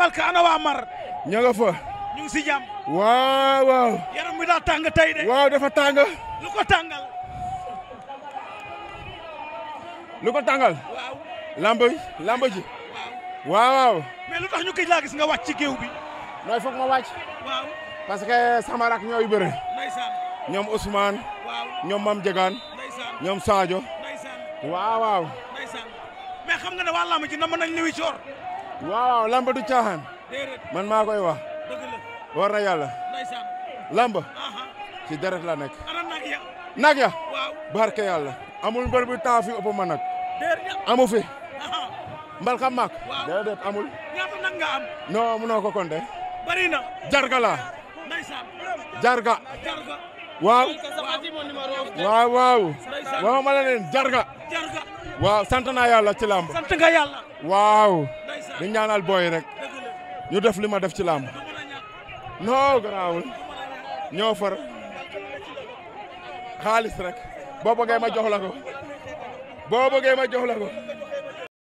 Mbalka ana wa Mar. ña nga fa. ñu ngi si jàmm. waaw waaw. yaram mi da tang tay de. waaw dafa tang luko tangal luko tangal ko tàngal. waaw. lamb lamb ji. waaw waaw. mais lutax ñu kiy la gis nga wacc ci géew bi. noy fokk ma wacc waaw. parce que sama rak ñoy beure ndaysan ñom Ousmane. waaw ñom mam djegan ndaysan ñom Sadio. ndaysan waaw waaw. ndaysan mais xam nga ne waa lamb ji ma nañ wi Thior. Wow, lamba du cahan, man ma koy wax. war na yàlla. lamba. ci deret la nek nak ya. ya. barke yàlla. amul mbeur bu temps fi opo man nag. Ya. amu fi. mbalka maak. déedéet amul. ñata nak nga am. mu munoo ko compter. bari na. jarga la jarga. Wow. waaw waaw. waaw ma la jarga. jarga. waaw sant naa yàlla ci lamba. sant nga yàlla. waaw. di ñaanal booy rek ñu def li ma def ci làmb non garaawul ñoo far rek boo bëggee ma jox la ko boo bëggee ma jox ko.